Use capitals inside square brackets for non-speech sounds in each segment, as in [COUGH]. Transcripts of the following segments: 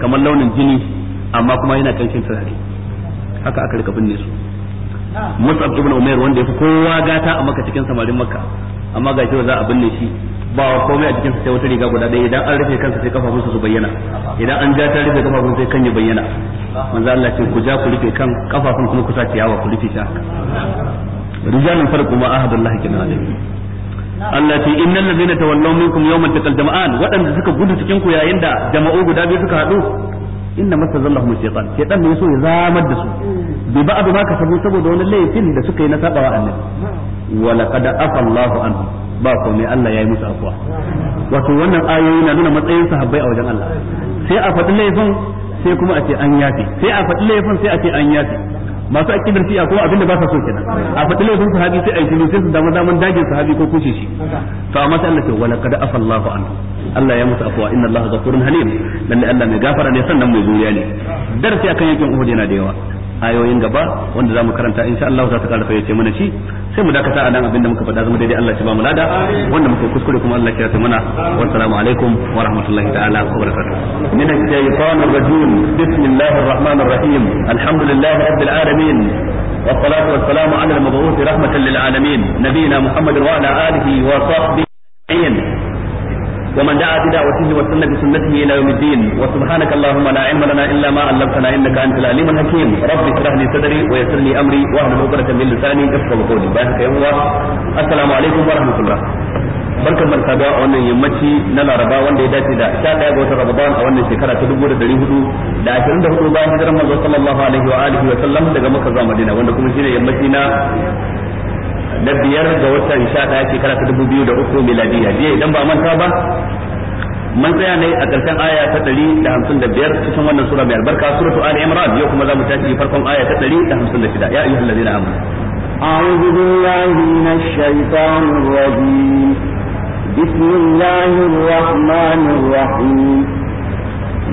kamar launin jini amma kuma yana kanshin turare haka aka rika binne su Mus'ab ibn Umair wanda yafi kowa gata a maka cikin samarin Makka amma ga cewa za a binne shi ba komai a cikin sai wata riga guda ɗaya idan an rufe kansa sai kafafunsa su bayyana idan an ja ta rufe kafafun sai kan ya bayyana manzo Allah ce ku ja ku rufe kan kafafun kuma ku sa ciyawa ku rufe shi haka rijalun farqu ma kana kenan Allah ce innal ladina tawallaw minkum yawman taqal jama'an waɗanda suka gudu cikin ku yayin da jama'u guda biyu suka haɗu inna mastazallahum shaytan shaytan ne so ya zamar da su bi abu ma sabu saboda wani laifin da suka yi na sabawa annabi wa laqad afa Allah anhu ba ne Allah ya yi musu afuwa wato wannan ayoyi na nuna matsayin sahabbai a wajen Allah sai a faɗi laifin sai kuma a ce an yafe sai a faɗi laifin sai a ce an yafe masu akidar fi'a ko abinda ba sa so kenan a faɗi sun sahabi sai a yi sai su dama daman dagin sahabi ko kushe shi to amma sai Allah ce wala qad afallahu anhu Allah ya musu afwa inna Allah ghafurun halim lalle Allah mai gafara ne sannan mai zuriya ne darasi akan yakin Uhud yana da yawa ayoyin gaba wanda zamu karanta insha Allah za ta karfa yace mana shi sai mu dakata a nan abinda muka faɗa zama daidai Allah ya ba mu lada wanda muka kuskure kuma Allah ya ta mana wassalamu alaikum wa rahmatullahi ta'ala wa barakatuh min ash-shaytanir rajim bismillahir rahmanir rahim alhamdulillahi rabbil alamin wa wa salatu ala والصلاة والسلام على المبعوث رحمة للعالمين نبينا محمد وعلى آله وصحبه أجمعين ومن دعا بدعوته وسن بسنته الى يوم الدين وسبحانك اللهم لا علم لنا الا ما علمتنا انك انت العليم الحكيم رب اشرح لي صدري ويسر لي امري واحلل عقدة من لساني يفقهوا قولي بارك يا السلام عليكم ورحمه الله barkan barka da wannan yammaci na laraba wanda ya dace da 11 ga watan ramadan a wannan shekara ta 1400 da 24 bayan hijirar manzo sallallahu alaihi wa alihi wa sallam daga makka zuwa madina wanda kuma shine yammaci na na biyar ga watan sha ɗaya shekara ta dubu biyu da uku miladiya jiya idan ba manta ba man tsaya ne a ƙarshen aya ta ɗari da hamsin da biyar cikin wannan sura mai albarka ta ali imran yau kuma za mu tashi farkon aya ta ɗari da hamsin da shida ya ayyuhal ladina amanu أعوذ بالله من الشيطان الرجيم بسم الله الرحمن الرحيم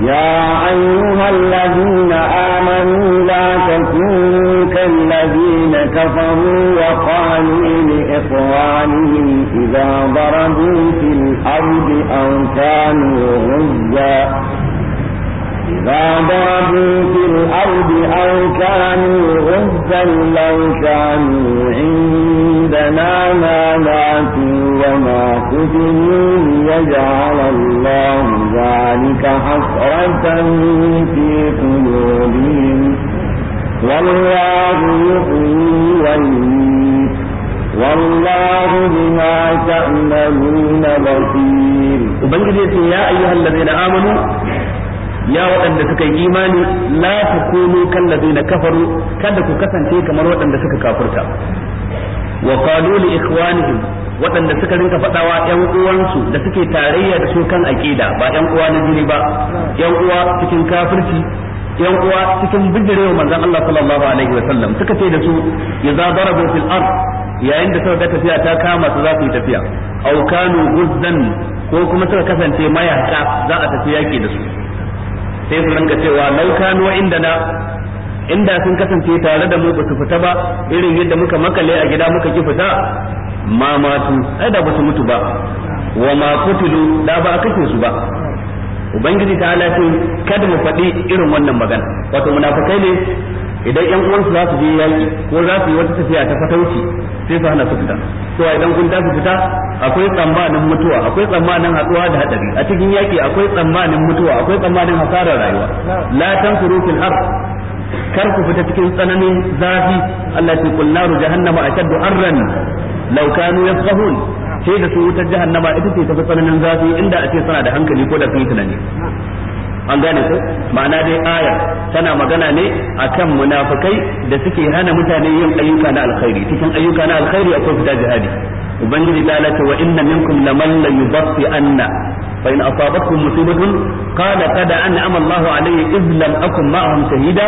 يا أيها الذين آمنوا لا تكونوا كالذين كفروا وقالوا لإخوانهم إذا ضربوا في الأرض أو كانوا غزا إذا ضربوا في الأرض أو كانوا غزا لو كانوا عندنا ما ماتوا ما كتبوا ليجعل الله ذلك حسرة في قلوبهم والله يحيي ويميت والله بما تعملون بصير وبنجد يا أيها الذين آمنوا ya waɗanda suka yi imani la takunu na kafaru kada ku kasance kamar waɗanda suka kafurta wa qalu li ikhwanihim waɗanda suka rinka faɗawa ƴan uwansu da suke tarayya da su kan aqida ba ƴan uwa na jini ba ƴan uwa cikin kafirci ƴan uwa cikin bijirewa manzon Allah sallallahu alaihi wa sallam suka ce da su idza darabu fil ard yayin da suka ga tafiya ta kama su za su yi tafiya aw kanu guzzan ko kuma suka kasance mayaka za a tafi yaki da su sai su rinka cewa law kanu indana inda sun kasance tare da mu ba su fita ba irin yadda muka makale a gida muka ki fita ma matu ai da basu mutu ba wa ma kutulu da ba a kashe su ba ubangiji ta ala kada mu faɗi irin wannan magana wato munafikai ne idan yan uwansu za su je yaki ko za su yi wata tafiya ta fatauci sai su hana su fita a idan kun tafi fita akwai tsammanin mutuwa akwai tsammanin haɗuwa da haɗari a cikin yaki akwai tsammanin mutuwa akwai tsammanin hasarar rayuwa la tankuru fil ard kar ku fita cikin tsananin zafi Allah ce kullaru jahannama ashaddu arran law kanu yafqahun ce da su wutar jahannama ita ce tafi tsananin zafi inda a ce suna da hankali ko da sun tunani an gane ko ma'ana dai aya tana magana ne akan munafikai da suke hana mutane yin ayyuka na alkhairi cikin ayyuka na alkhairi akwai fita jihadi ubangiji ta lati wa inna minkum laman la yubatti anna fa in asabatkum musibatun qala qad an'ama Allahu alayhi iz lam akun ma'ahum shahida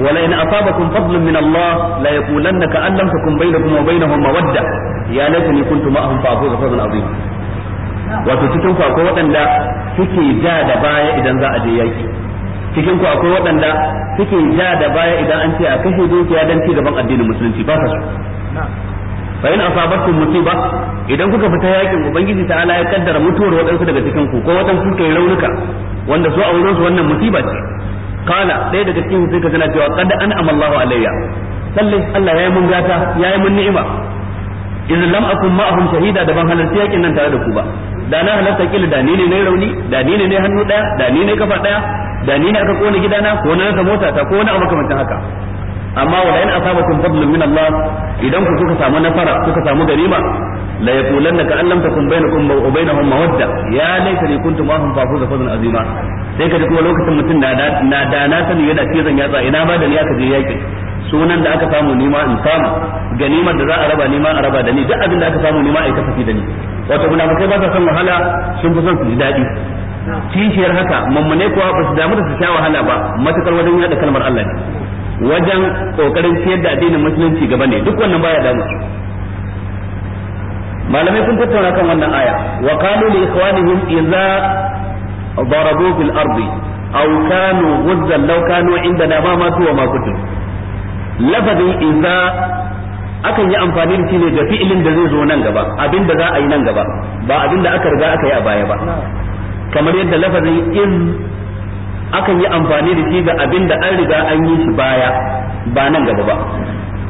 ولئن أصابكم فضل من الله لا يقولن كأن لم تكن بينكم وبينهم مودة يا ليتني كنت معهم فأفوز فوزا عظيما wato cikin ku akwai waɗanda suke ja da baya idan za a je yaki cikin ku akwai waɗanda suke ja da baya idan an ce a kashe dukiya dan ci gaban addinin musulunci ba sa fa in asabatkum musiba idan kuka fita yakin ubangiji ta'ala ya kaddara mutuwar waɗansu daga cikin ku ko waɗansu suka yi raunuka wanda su a wurin su wannan musiba ce qala ɗaya daga cikin sai ka tana cewa qad an'ama Allahu alayya sallai Allah yayi mun gata yayi mun ni'ima idan lam akun ma'ahum shahida da ban halarci yakin nan tare da ku ba da na halarta kila da ni ne ne rauni da ni ne hannu daya da ni ne kafa daya da ni ne aka kona gidana ko na rasa mota ta ko na abu makamancin haka amma wala in asabakum fadlun min Allah idan ku kuka samu nasara kuka samu ganima la yaqulanna ka lam takun bainakum wa bainahum mawadda ya laita ni kuntu ma hum fafuza fazan azima sai ka kuma lokacin mutum na na da na sani yana cizon yatsa ina ba da ni aka je yake sunan da aka samu nima in samu ganimar da za a raba nima a raba da ni duk abin da aka samu nima a yi kasafi da ni wato munafikai ba sa son wahala sun fi son su ji daɗi kishiyar haka mummune kuwa ba su damu da su sha wahala ba matakar wajen yada kalmar Allah ne wajen kokarin ciyar da addinin musulunci gaba ne duk wannan baya damu malamai sun tattauna kan wannan aya wa qalu li ikhwanihim idza darabu fil ardi aw kanu ghuzzan law kanu indana ma matu wa ma kutu lafazin idza akan yi amfani da shi ne da fi'ilin da zai zo nan gaba abinda za a yi nan gaba ba abin da aka riga aka yi a baya ba kamar yadda lafazin in akan yi amfani da shi ga abin da an riga an yi shi baya ba nan gaba ba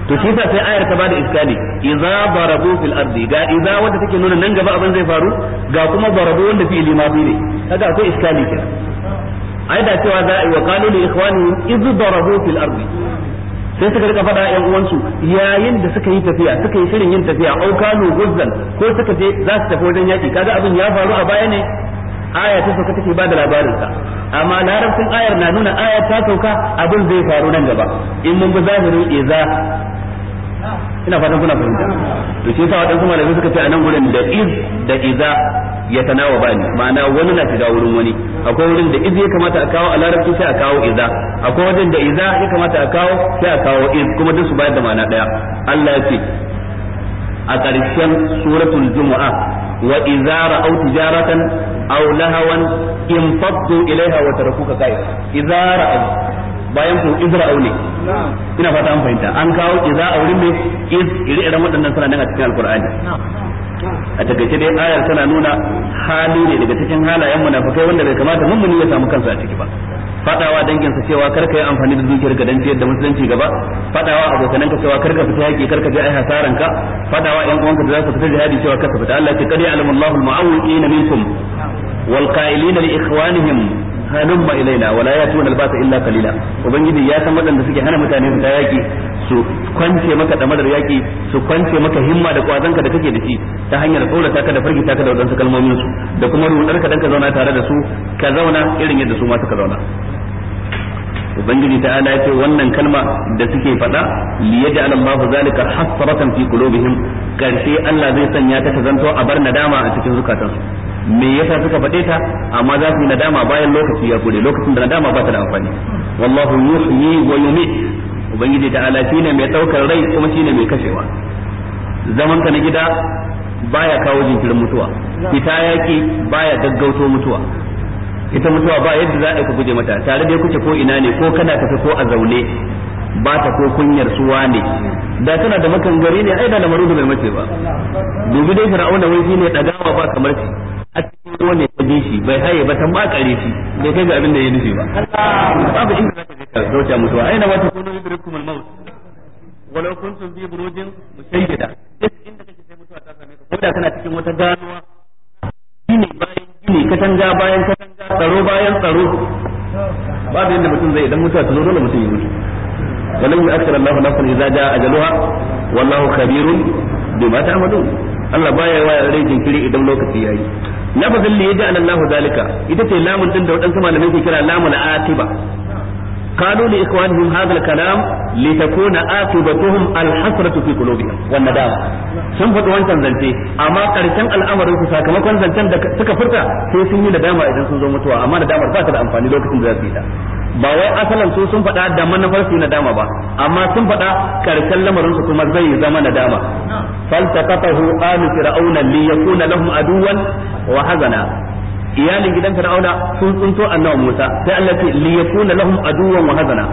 to shi sai ayar ta bada iskali idza darabu fil ardi ga idza wanda take nuna nan gaba abin zai faru ga kuma darabu wanda fi limafi ne kaga akwai iskali kenan ai da cewa za a yi wa qalu li ikhwani idza darabu fil ardi sai suka rika faɗa ƴan uwansu yayin da suka yi tafiya suka yi shirin yin tafiya au kanu guzzan ko suka je za su tafi wajen yaki kaga abin ya faru a baya ne aya ta sauka take bada labarin sa amma larabcin ayar na nuna aya ta sauka abin zai faru nan gaba in mun bi zahirin iza ina fatan kuna fahimta to shi yasa wadansu malami suka ce a nan gurin da iz da iza ya tanawa bani ma'ana wani na shiga wurin wani akwai wurin da iz ya kamata a kawo a larabci sai a kawo iza akwai wajen da iza ya kamata a kawo sai a kawo iz kuma duk su bayar da ma'ana daya Allah ya ce a ƙarshen suratul jumu'a wa iza ra'aw tijaratan aw lahawan in fattu ilaiha wa tarakuka qa'id iza ra'aw bayan ku izra aune ina fata an fahimta an kawo idza aurin ne iz ire-iren waɗannan suna nan a cikin alqur'ani a takaice dai ayar tana nuna hali ne daga cikin halayen munafikai wanda bai kamata mummuni ya samu kansa a ciki ba fadawa danginsa cewa karka yi amfani da dukiyar ka ciyar da musulunci gaba fadawa abokananka ka cewa karka fita yaki karka je ai hasaran ka fadawa yan uwanka da za su fita jihadi cewa karka fita Allah ya kadi alimullahu almu'awwiqina minkum wal qa'ilina li ikhwanihim halumma ilaina wala yatuna albasa illa qalila ubangiji ya san wadanda suke hana mutane fita yaki su kwance maka madar yaki su kwance maka himma da kwazanka da kake da shi ta hanyar tsorata ka da fargita ka da wadansu kalmomin su da kuma rudar ka dan ka zauna tare da su ka zauna irin yadda su ma suka zauna ubangiji ta ala ce wannan kalma da suke faɗa liyaj'al Allahu zalika hasratan fi qulubihim karshe Allah zai sanya ta ta zanto a bar nadama a cikin zukatansu me yasa suka faɗe ta amma za su yi nadama bayan lokaci ya gode lokacin da nadama ba ta da amfani wallahu yuhyi wa yumit ubangiji ta'ala shine mai daukar rai kuma shine mai kashewa zaman ka na gida baya kawo jinkirin mutuwa fita yaki baya gaggauto mutuwa ita mutuwa ba yadda za a ku guje mata tare da kuke ko ina ne ko kana tafi ko a zaune ba ta ko kunyar suwa ne da tana da makan gari ne ai da lamarin da bai mace ba dubi dai fir'auna wai shine dagawa ba kamar shi ko ne ya bi shi bai haye ba ta makare shi bai kai ga abin da ya nufi ba babu inda zaka je ka zauta mutuwa aina ma takunu yudrikum al-maut wala kuntum bi burujin musayyida duk inda kake sai mutuwa ta same ka koda kana cikin wata ganuwa gini bayan gini katanga bayan katanga tsaro bayan tsaro babu inda mutum zai idan mutuwa ta zo dole mutum ya mutu walau yu'akhkhiru Allah nafsan idza jaa ajaluha wallahu khabirun bima ta'malun Allah baya wa rai jinkiri idan lokaci yayi lafazin li yaj'al Allah zalika ita ce lamun din da wadansu malamai ke kira lamun atiba قالوا لإخوانهم هذا الكلام لتكون عاقبتهم الحسرة في قلوبهم والندامة sun faɗi wancan zance amma ƙarshen al'amarin su sakamakon zancen da suka furta sai sun yi nadama idan sun zo mutuwa amma nadamar ba ta da amfani lokacin da za su yi ta ba wai asalan su sun faɗa da manufar su na dama ba amma sun faɗa karshen lamarin su kuma zai zama na nadama faltaqatahu alu fir'auna li yakuna lahum aduwan wa hazana iyalin gidan fir'auna sun tsunto annabi Musa sai Allah ce li yakuna lahum aduwan wa hazana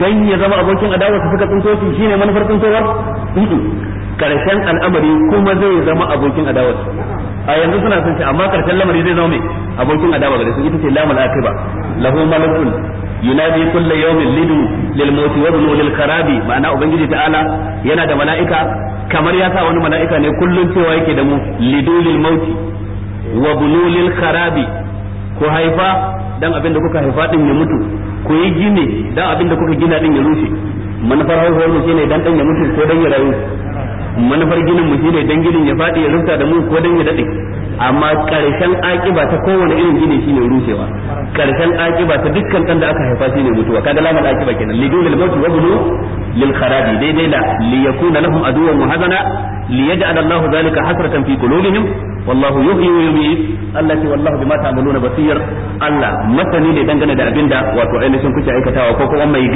dan ya zama abokin adawa su suka tsunto shi shine manufar tsuntowar karshen al'amari kuma zai zama abokin adawa a yanzu suna son shi amma karshen lamari zai zama mai abokin adawa gare su ita ce lamul akiba lahu malakul yunadi kullu yawmin lidu lil mauti wa ibnu lil karabi ma'ana ubangiji ta'ala yana da mala'ika kamar ya sa wani mala'ika ne kullun cewa yake da mu lidu lil mauti wa ibnu lil karabi ku haifa dan abin da kuka haifa din ya mutu ku yi gine dan abin da kuka gina din ya rushe manufar haihuwar mu shine dan dan ya mutu ko dan ya rayu manufar ginin mu shine dan ginin ya fadi ya rufta da mu ko dan ya dade amma karshen akiba ta kowane irin gini shine rushewa karshen akiba ta dukkan dan da aka haifa shine mutuwa kaga lamar akiba kenan lidulil mauti wa bulu lil kharabi daidai da li yakuna lahum aduwwan wa hazana li yaj'al Allahu zalika hasratan fi qulubihim wallahu yuhyi wa yumiit Allah ce Allah masani ne dangane da abinda wato kasance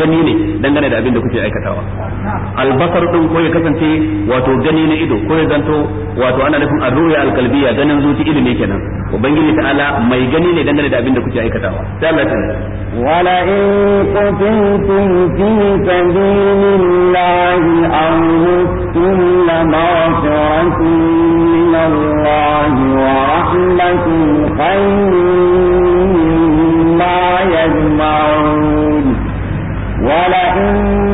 gani na ido ko ya wato ana nufin arruya alqalbiya ganin zuci ilimi kenan ubangiji ta'ala mai gani ne dangane da abinda kuke wala ورحمة خير مما يجمعون ولئن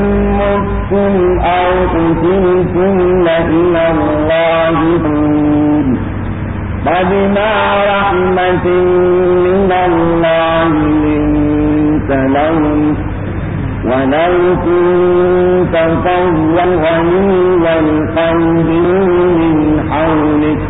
لإلى الله فبما رحمة من الله ولو كنت فظا غليظ من حولك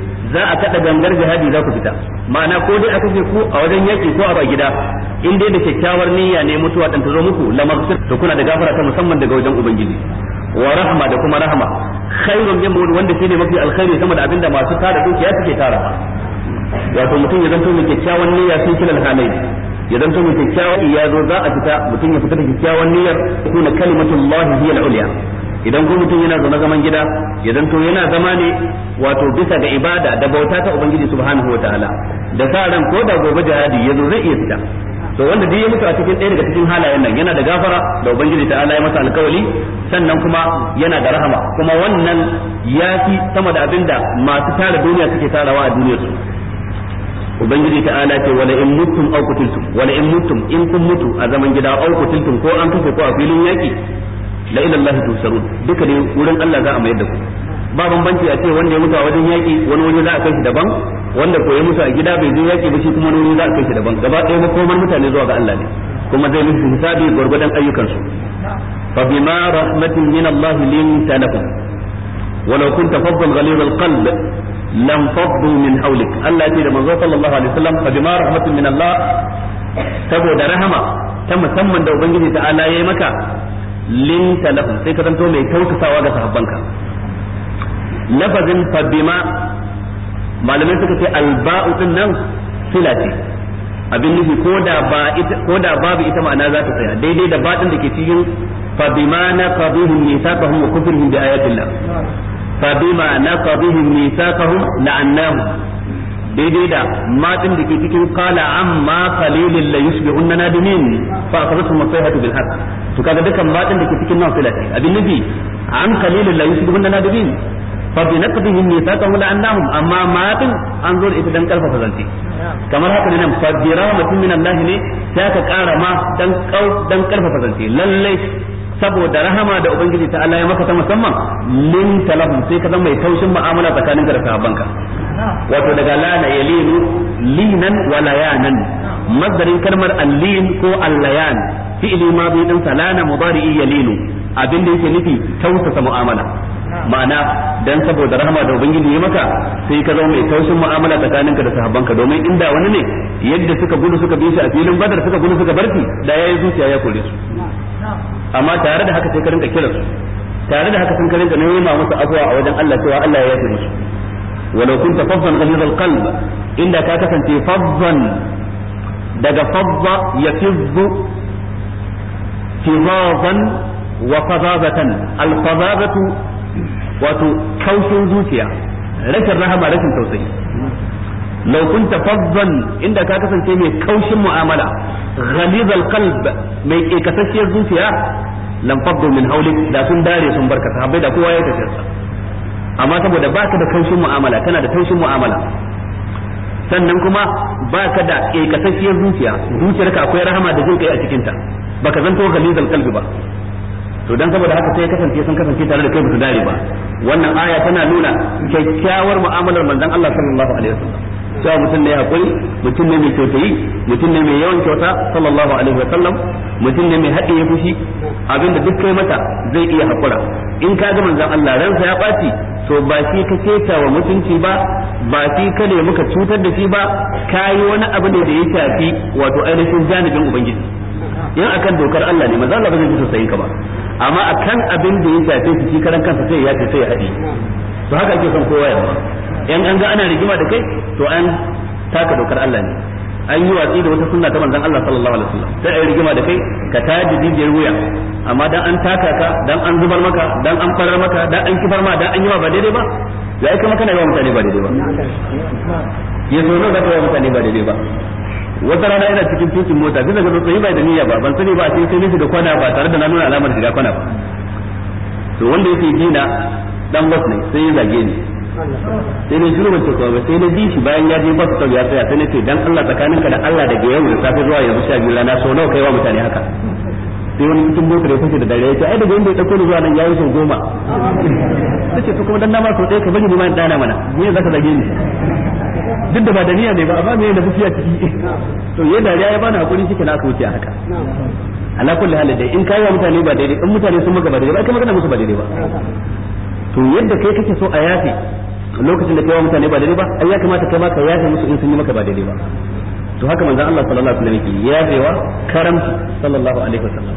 za a kada gangar jihadi za ku fita ma'ana ko dai aka ce ku a wajen yaki ko a gida in dai da kyakkyawar niyya ne mutuwa dan zo muku lamarsir to kuna da gafara ta musamman daga wajen ubangiji wa rahma da kuma rahma khairun min wanda shine mafi alkhairi sama da abinda masu tara dukiya suke tara wato mutum ya zanto mai kyakkyawan niyya sun kilal halai ya zanto mai kyakkyawan ya zo za a fita mutum ya fita da kyakkyawan niyyar kuna kalimatullahi hiya al-ulya idan ko mutum yana zama zaman gida ya zanto yana zama ne wato bisa ga ibada da bauta ta ubangiji subhanahu ta'ala, da sa ran ko da gobe jihadi ya zo zai iya fita to wanda duk ya mutu a cikin ɗaya daga cikin halayen nan yana da gafara da ubangiji ta'ala ya masa alkawali sannan kuma yana da rahama kuma wannan ya fi sama da abin da masu tara duniya suke tarawa a duniyarsu ubangiji ta'ala ce wala in mutum aw qutiltum wala in mutum in kun mutu a zaman gida aw ko an kace ko a filin yaki la ila Allah tusarun duka ne wurin Allah za a mayar da ku ba bambanci a ce wanda ya mutu a wajen yaki wani wuri za a kai shi daban wanda ko ya mutu a gida bai je yaki ba shi kuma wani wuri za a kai shi daban gaba ɗaya makomar mutane zuwa ga Allah ne kuma zai musu hisabi gurgurdan ayyukansu fa bima rahmatin min Allah linta lakum ولو كنت فظا غليظ القلب لانفضوا من حولك الله يتي من صلى الله عليه وسلم فبما رحمة من الله تبو رحمة ta musamman da ubangiji ta ala yayi maka linta lafa sai ka zanto mai kautasawa ga sahabbanka lafazin fabima malamai suka ce alba'u din nan sila ce abin nufi ko da ba babu ita ma'ana za ta tsaya daidai da baɗin da ke cikin fabima na qadihim mithaqahum wa kufrihim bi ayatillah fabima na qadihim mithaqahum la'annahum daidai da matin da ke cikin kala amma qalilin la yusbihunna nadimin fa akhadhatu masayhatu bil haqq to kaga dukan matin da ke cikin nan sai lati abin nabi an qalilin la yusbihunna nadimin fa bi naqdihim mithaqahum la annahum amma matin an zo da ita dan karfafa zance kamar haka ne nan fa bi rahmatin min Allah ne sai ka kara ma dan dan karfafa zance lalle saboda rahama da ubangiji ta Allah ya maka ta musamman min talahum sai ka zama mai taushin mu'amala tsakanin ka da sahabbanka wato daga lana yalinu linan wa layanan mazarin kalmar allin ko allayan fi'li madi din salana mudari yalinu abin da yake nufi tausasa mu'amala ma'ana dan saboda rahama da ubangiji ya maka sai ka zama mai taushin mu'amala tsakaninka da sahabbanka domin inda wani ne yadda suka gudu suka bi shi a filin badar suka gudu suka barki da yayi zuciya ya kore su amma tare da haka sai ka rinka su tare da haka sun ka rinka nema musu afuwa a wajen Allah cewa Allah ya yafe musu walau kunta faddan ghaliz alqalb inda ka kasance faddan daga fadda yafizzu fidazan wa fadazatan alfadazatu wato kaushin zuciya rashin rahama rashin tausayi kunta كنت inda ka كسنت mai kaushin mu'amala غليظ القلب mai kekasasshiyar zuciya lam faddu min haulik da sun dare sun barka sahabbai da kowa ya tafi amma saboda baka da kanshin mu'amala kana da kanshin mu'amala sannan kuma baka da kekasasshiyar zuciya zuciyarka akwai rahama da jin kai a cikin ta baka zanto ghalizal qalbi ba to dan saboda haka sai kasance sun kasance tare da kai su dare ba wannan aya tana nuna kyakkyawar mu'amalar manzon Allah sallallahu alaihi wasallam cewa mutum ne hakuri mutum ne mai kyautayi mutum ne mai yawan kyauta sallallahu alaihi wa sallam mutum ne mai haɗe ya fushi abinda duk kai mata zai iya hakura in ka ga manzon Allah ransa ya ɓaci to ba shi ka keta wa mutunci ba ba shi ka ne muka cutar da shi ba ka wani abu ne da ya shafi wato ainihin janibin ubangiji in akan dokar Allah ne manzon Allah ba zai ji tausayin ka ba amma akan abin da ya shafe shi karan kansa sai ya ce ya haɗe to haka ake son kowa ya in an ga ana rigima da kai to an taka dokar Allah ne an yi watsi da wata sunna ta manzon Allah sallallahu alaihi wasallam sai ai rigima da kai ka taji jijiyar wuya amma dan an taka ka dan an zubar maka dan an farar maka dan an kifar ma dan an yi ba daidai ba ya maka kana yawa mutane ba daidai ba ya zo ne zaka yawa mutane ba daidai ba wata rana ina cikin tukin mota duk daga tsotsayi bai da niyya ba ban sani ba sai sai na da kwana ba tare da na nuna alamar shiga kwana ba to wanda yake gina dan wasu ne sai ya zage ni sai na jiro ban tafiya ba sai na bi shi bayan ya je ba su ya tsaya sai na ce dan Allah tsakaninka da Allah daga yau da safe zuwa yanzu sha biyu rana sau nawa kai wa mutane haka sai wani cikin boko da kuke da dare ya ce ai daga inda ya dauko ni zuwa nan yayi sau goma sai to kuma dan na ma sau ɗaya ka bari ni ma dana mana me zaka zage ni duk da ba da niyya ne ba amma me da fufiya ciki to yayin dariya ya bani hakuri shi na kauce haka ala kulli hal dai in kai wa mutane ba daidai in mutane sun maka ba daidai ba kai magana musu ba daidai ba to yadda kai kake so a yafe lokacin da kai wa mutane ba daidai ba ai ya kamata kai ma ka yafe musu in sun yi maka ba daidai ba to haka manzon Allah sallallahu alaihi wasallam yake yafewa karamci sallallahu alaihi wasallam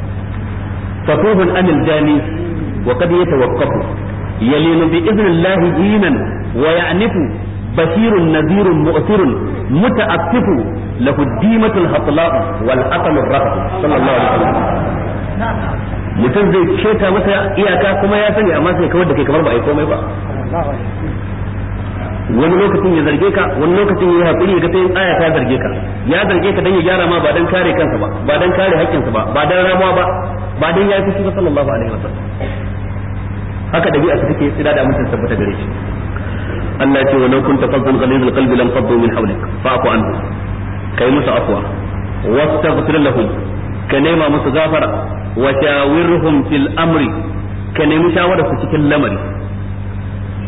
fakuhun anil jani wa qad yatawaqqafu yalinu bi idnillahi hinan wa ya'nifu بشير نذير مؤثر متأكف له الديمة الهطلاء والعقل الرهب صلى الله عليه وسلم mutum zai keta masa iyaka kuma ya sani amma sai kawar da kai kamar ba a yi komai ba wani lokacin ya zarge ka wani lokacin ya hakuri ga sai aya ta zarge ka ya zarge ka dan ya gyara ma ba dan kare kansa ba ba dan kare haƙƙinsa ba ba dan ramuwa ba ba dan ya fushi sallallahu alaihi wasallam haka dabi'a su take tsira da mutum tabbata gare shi Allah ya ce wa kun tafazzul qalil qalbi lam qaddu min hawlik fa'fu anhu kai musu afwa wastaghfir lahum ka nema musu gafara wa shawirhum fil amri ka nemi shawara su cikin lamari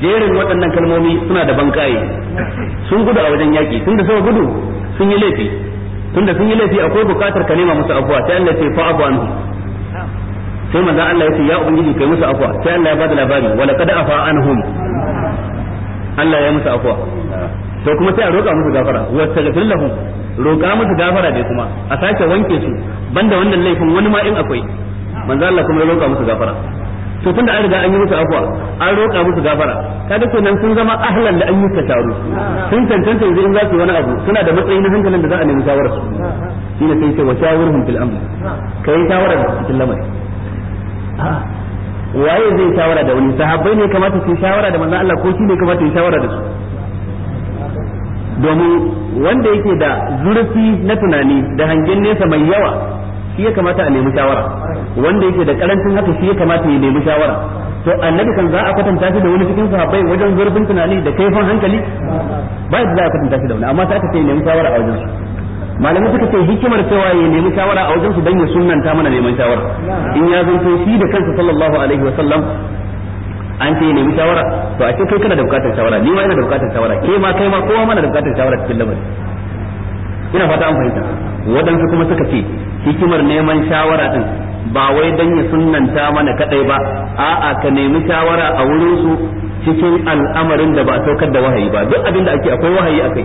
jerin waɗannan kalmomi suna da bankaye sun gudu a wajen yaƙi tunda sama gudu sun yi laifi tunda sun yi laifi akwai buƙatar ka nema musu afuwa sai Allah ya fa an hu sai manzo Allah ya ce ya ubangiji kai musu afuwa sai Allah ya bada labari wala qad afa anhum Allah ya musu afuwa to kuma sai a roƙa musu gafara wastaghfir lahum roƙa musu gafara dai kuma a sake wanke su banda wannan laifin wani ma in akwai manzo Allah kuma ya roƙa musu gafara to tunda an riga an yi musu afwa an roƙa musu gafara da kenan sun zama ahlan da an yi tasharu sun tantance yanzu in za su wani abu suna da matsayi na hankalin da za a nemi shawarar su shine sai ce wa shawarhum fil amr kai shawara da cikin lamari ah, waye zai shawara da wani sahabbai ne kamata su shawara da manzon Allah ko shi ne kamata su shawara da su domin wanda yake da zurfi na tunani da hangen nesa mai yawa shi ya kamata a nemi shawara wanda yake da karancin haka shi ya kamata ya nemi shawara to annabi kan za a kwatanta shi da wani cikin sahabbai wajen zurfin tunani da kaifin hankali ba yadda za a kwatanta shi da wani amma sai aka ce nemi shawara a wajen malamai suka ce hikimar cewa ya nemi shawara a wajen su dan ya sunnanta mana neman shawara in ya zanto shi da kansa sallallahu alaihi wa sallam an ce nemi shawara to a ce kai kana da bukatar shawara ni ma ina da bukatar shawara ke ma kai ma kowa mana da bukatar shawara cikin lamarin ina fata an fahimta waɗansu kuma suka ce hikimar neman shawara din ba wai dan ya sunnanta mana kadai ba a'a ka nemi shawara a wurin su cikin al'amarin da ba a saukar da wahayi ba duk abin da ake akwai wahayi akai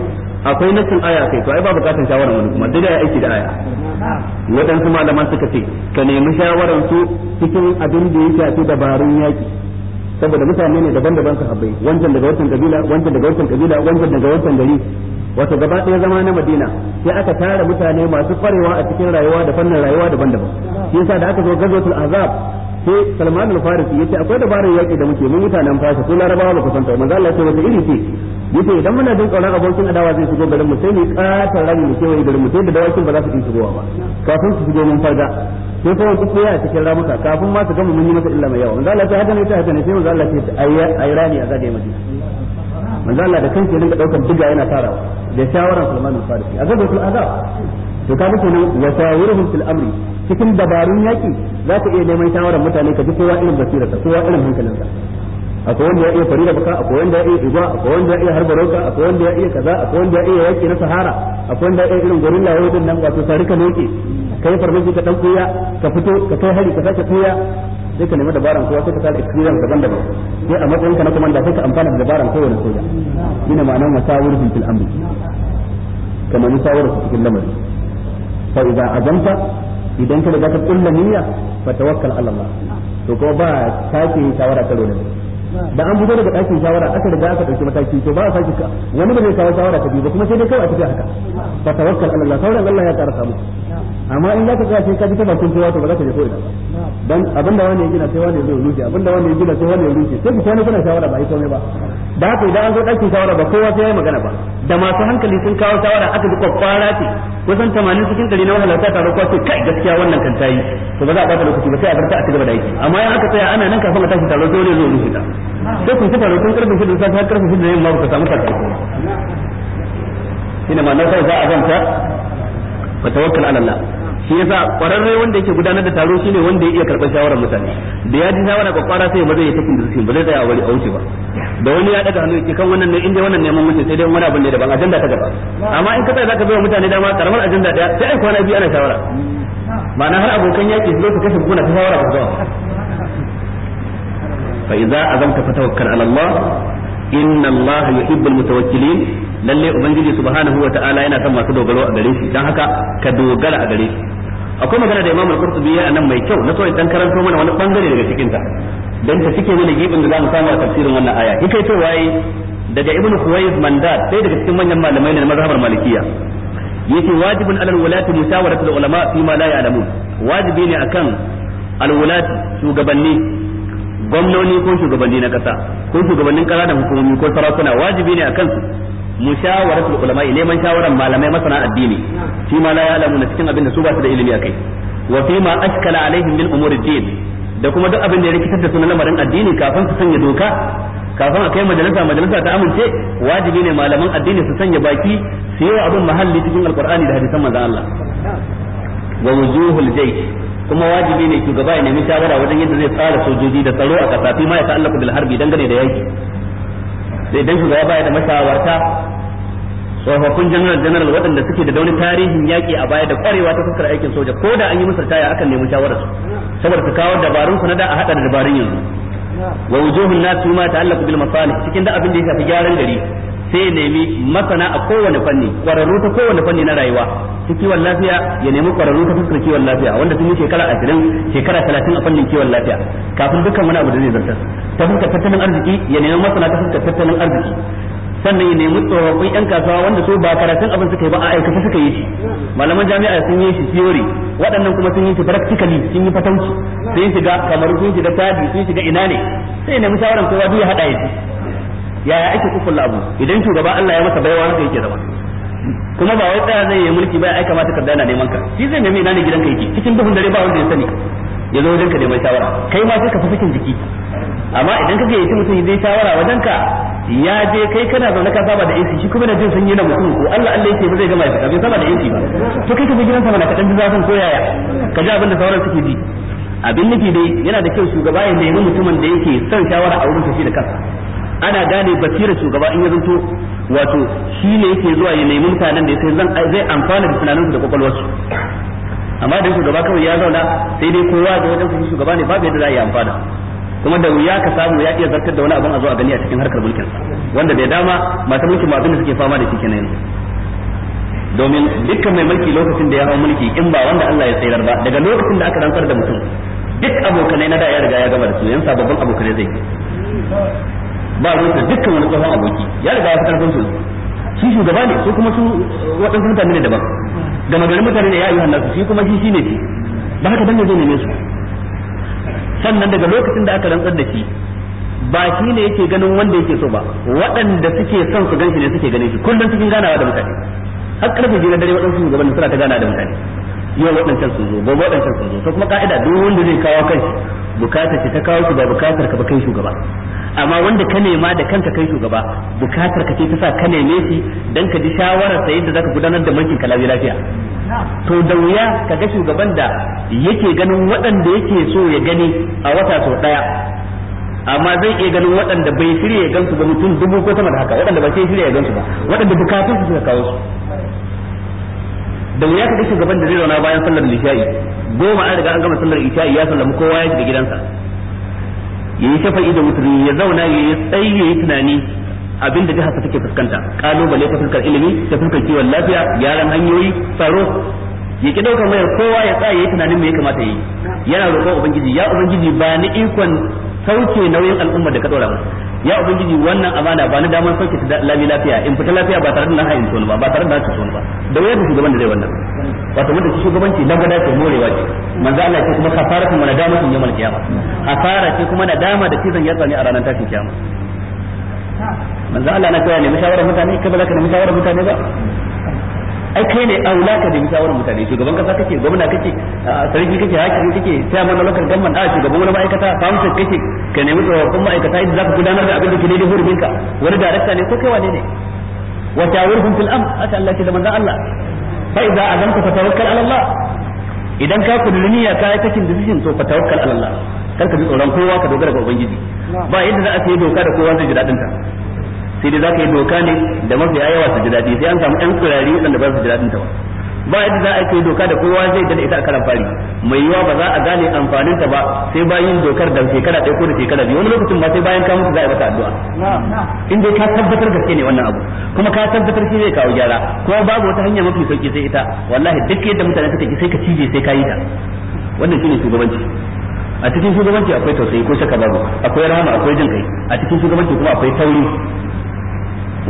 akwai nasin aya kai to ai ba bukatar shawara wani kuma duk da aiki da aya waɗansu malaman suka ce ka nemi shawaran su cikin abin da ya shafi dabarun yaki saboda mutane ne daban-daban sahabbai wancan daga wancan kabila wancan daga wancan kabila wancan daga wancan gari wato gaba ɗaya zama na madina sai aka tara mutane masu farewa a cikin rayuwa da fannin rayuwa daban-daban shi yasa da aka zo gazwatul azab sai salman al-farisi yace akwai dabarar yaki da muke mu mutanen fasha ko larabawa ba ku san ta manzo Allah ce wata iri ce yace idan muna jin tsoron abokin adawa zai shigo garin mu sai mu kata ran mu kewaye garin mu sai da dawakin ba za su iya shigowa ba kafin su shigo mun farga sai kuma duk ya cikin ramuka kafin ma su gama mun yi masa illa mai yawa manzo Allah ce haka ne ta haka ne sai manzo Allah ce ayi rani a zagaye madina manzo Allah da kansa ya dinga daukar diga yana tarawa da shawaran Sulman al-Farisi a gaban azab to kaga kenan wa shawirhum fil amri cikin dabarun yaki za ka iya neman shawaran mutane ka ji kowa irin basirarsa kowa irin hankalinsa akwai wanda ya iya fari da baka akwai wanda ya iya igwa akwai wanda ya iya harba roka akwai wanda ya iya kaza akwai wanda ya iya yaki na sahara akwai wanda ya iya irin gorilla yau din nan wato sarika noke kai farmaki ka dan kuya ka fito ka kai hari ka sake kuya sai ka nemi dabaran kowa sai ka tsara experience daban-daban sai a matsayin ka na komanda sai ka amfana da dabaran kowane soja shine ma'anar masawir fil amri kamar musawara su cikin lamari fa idan azamta idan ka riga ka kulla niyya fa tawakkal ala Allah to kuma ba sake shawara ta ne da an fito daga ɗakin shawara aka riga aka ɗauki mataki to ba a sake wani ba zai kawo shawara ta biyu ba kuma sai dai kawai a tafi haka fa tawakkal ala Allah sauran Allah ya karasa mu amma in za ka ga sai ka bi ta bakin kowa to ba za ka je ko ina dan abinda wani ya gina sai wani ya zo ya rufe abinda wani ya gina sai wani ya ruje sai ku tana kana shawara ba ai komai ba da haka idan an zo ɗakin shawara ba kowa sai ya magana ba da masu hankali sun kawo shawara aka ji kwakwara ce kusan tamanin cikin ɗari na wahalarta tare kuwa ce kai gaskiya wannan kan ta yi to ba za a ɓata lokaci ba sai a barta a cigaba da aiki amma yan aka tsaya ana nan kafin a tashi taro dole zo rufe ta sai kun ci taro tun shi da sa har karfe shida yin ma ku samu karfe shine na sai za a zanta ba tawakkal ala Allah shi yasa kwararre wanda yake gudanar da taro shine wanda ya iya karɓar shawarar mutane da ya ji shawara kwakwara sai maza ya tafi da su ba zai tsaya a wuce ba da wani ya daga hannu yake kan wannan ne inda wannan neman mutum sai dai wani abin ne daban ajanda ta gaba amma in ka tsaya zaka bai wa mutane dama karamar ajanda daya sai ai kwana biyu ana shawara ma'ana har abokan yaƙi su zo su kashe bukuna ta shawara ba zuwa fa idza azamta fatawakkal ala Allah inna Allah yuhibbul mutawakkilin lalle ubangiji subhanahu wa ta'ala yana son masu dogaro a gare shi dan haka ka dogara a gare shi akwai magana da imamul qurtubi ya nan mai kyau na so dan karanto mana wani bangare daga cikin ta dan ta cike mana gibin da zamu samu a tafsirin wannan aya kai ce waye daga ibnu Khuwayz Mandat sai daga cikin manyan malamai na mazhabar malikiyya yace wajibun alal walati musawaratul ulama fi ma la ya'lamun wajibi ne akan alwulat shugabanni gwamnoni ko shugabanni na kasa ko shugabannin kasa da hukumomi ko sarakuna wajibi ne akan su mushawaratul ulama neman shawaran malamai masana addini shi ma la ya'lamu na cikin abin da su ba su da ilimi akai wa fi ma ashkala alaihim umuri din da kuma duk abin da ya rikitar da lamarin addini kafin su sanya doka kafin a kai majalisa majalisa ta amince wajibi ne malaman addini su sanya baki su yi wa abin mahalli cikin alqur'ani da hadisan manzon Allah wa wujuhul jaysh kuma wajibi ne shugaba ya nemi shawara wajen yadda zai tsara sojoji da tsaro a kasafi ma ya ta'allaqu bil harbi dangane da yaki sai dan shugaba baya da mashawarta tsofaffin general general waɗanda suke da wani tarihin yaƙi a baya da ƙwarewa ta fuskar aikin soja ko da an yi musu taya akan nemi shawarar su saboda su kawo dabarun ku na da a haɗa da dabarun yanzu wa wujuhun nasu ma ta'allaqu bil masalih cikin da abin da ya shafi gyaran gari sai nemi masana a kowane fanni ƙwararru ta kowane fanni na rayuwa ta kiwon lafiya ya nemi ƙwararru ta fuskar kiwon lafiya wanda sun yi shekara ashirin shekara talatin a fannin kiwon lafiya kafin dukkan wani abu da zai zartar ta fuskar tattalin arziki ya nemi masana ta fuskar tattalin arziki sannan ya nemi tsofaffin yan kasuwa wanda su ba karatun abin suka yi ba a aikata suka yi shi malaman jami'a sun yi shi theory waɗannan kuma sun yi shi practically sun yi fatanci sun shiga kamar sun shiga tadi sun shiga ina ne sai nemi shawaran kowa duk ya hada ya yaya ake kukulla abu idan shugaba Allah ya masa baiwa haka yake zama kuma ba wai tsaya zai yi mulki ba ai kamata ka yana neman ka shi zai nemi ina ne gidanka yake cikin duhun dare ba wanda ya sani ya zo wajenka neman shawara kai ma sai ka fi sakin jiki amma idan kaga yace mutum zai shawara wajenka ya je kai kana zaune ka saba da AC shi kuma da jin sanyi na mutum ko Allah Allah yake ba zai gama ya saba da AC ba to kai ka je gidan mana ka dan ji zafin ko yaya ka ji abin da sauran suke ji abin nufi dai yana da kyau shugaba ya nemi mutumin da yake son shawara a wurin shi da kansa ana gane basirar shugaba in ya zanto wato shi ne yake zuwa ya nemi mutanen da sai zan zai amfana da tunaninsu da kwakwalwarsu amma da shugaba kawai ya zauna sai dai kowa da wajen su shugaba ne ba yadda za a amfana kuma da wuya ka samu ya iya zartar da wani abin a zo a gani a cikin harkar mulkin sa wanda bai dama masu mulkin ba abin da suke fama da shi kenan yanzu domin dukkan mai mulki lokacin da ya hau mulki in ba wanda Allah ya tsayar ba daga lokacin da aka rantsar da mutum duk abokanai na da ya riga ya gama da su yan sababbin abokanai zai ba ruwansa dukkan wani tsohon aboki ya riga ya fitar su shi shugaba ne su kuma su waɗansu mutane ne daban gama garin mutane ne ya yi hannasu shi kuma shi shi ne shi ba haka dangane ne ne su sannan daga lokacin da aka rantsar da shi ba shi ne yake ganin wanda yake so ba waɗanda suke son su ganshi ne suke ganin shi kullum cikin ganawa da mutane har karfe jiran dare waɗansu gaban suna ta gana da mutane yau waɗancan sun zo gobe waɗancan sun zo to kuma ka'ida duk wanda zai kawo kanshi bukatar ta kawo shi ba bukatar ka ba kai shugaba amma wanda ka nema da kanka kai shugaba bukatar ka ce ta sa ka neme shi dan ka ji shawarar sa yadda zaka gudanar da mulkin ka lafiya to da wuya ga shugaban da yake ganin waɗanda yake so ya gani a wata sau ɗaya amma zai iya ganin waɗanda bai shirya ya gansu ba mutum dubu ko sama da haka waɗanda ba sai shirya ya gansu ba waɗanda bukatun su suka kawo su da wuya ga shugaban da zai zauna bayan sallar isha'i goma an riga an gama sallar isha'i ya sallamu kowa ya shiga gidansa yayi shafa'i da mutum ya zauna yayi tsayi yayi tunani abin da jihar take fuskanta kalubale ta fuskar ilimi ta fuskar kiwon lafiya yaran hanyoyi tsaro ya ki daukar wayar kowa ya tsaya yayi tunanin me ya kamata yi yana roƙon ubangiji ya ubangiji ba ni ikon sauke nauyin al'umma da ka dora ba ya ubangiji wannan amana ba ni damar sauke ta lami lafiya in fita lafiya ba tare da na hayin tsoni ba ba tare da na tsoni ba da wayar da shugaban da zai wannan wato wanda shugabanci da gada ce morewa ce manzo Allah ce kuma kafaratun sun yi yawmal ba. asara ce kuma nadama da cizon ya tsani a ranar tashin kiyama manzo Allah na koya ne mutawarar mutane kai ba za ka nemi shawarar mutane ba ai kai ne aula ka nemi shawarar mutane shugaban kasa kake gwamna kake sarki kake hakimi kake chairman na lokacin government a shugaban wani ma'aikata council kake ka nemi tsofaffin ma'aikata yadda za ka gudanar da abin da ke daidai hurumin ka wani director ne ko kai wane ne wa shawirhum fil am haka Allah ke da manzo Allah fa idza azamta tawakkal ala Allah idan ka kudu niyya ka yi kake decision to tawakkal ala Allah kar ka ji tsoron kowa ka dogara ga ubangiji ba yadda za a sai doka da kowa zai ji dadin ta sai dai zaka yi doka ne da mafi yawa su ji dadi sai an samu ɗan tsirari wanda ba su ji dadin ta ba ba yadda za a kai doka da kowa zai da ita a karan fari mai yiwa ba za a gane amfanin ta ba sai bayan dokar da shekara ɗaya ko da shekara biyu wani lokacin ba sai bayan ka mutu za a wata addu'a in dai ka tabbatar ke ne wannan abu kuma ka tabbatar shi zai kawo gyara kuma babu wata hanya mafi sauki sai ita wallahi duk yadda mutane suka ki sai ka cije sai ka yi ta wannan shine shugabanci a cikin shugabanci akwai tausayi ko shaka babu akwai rahama akwai jin kai a cikin shugabanci kuma akwai tauri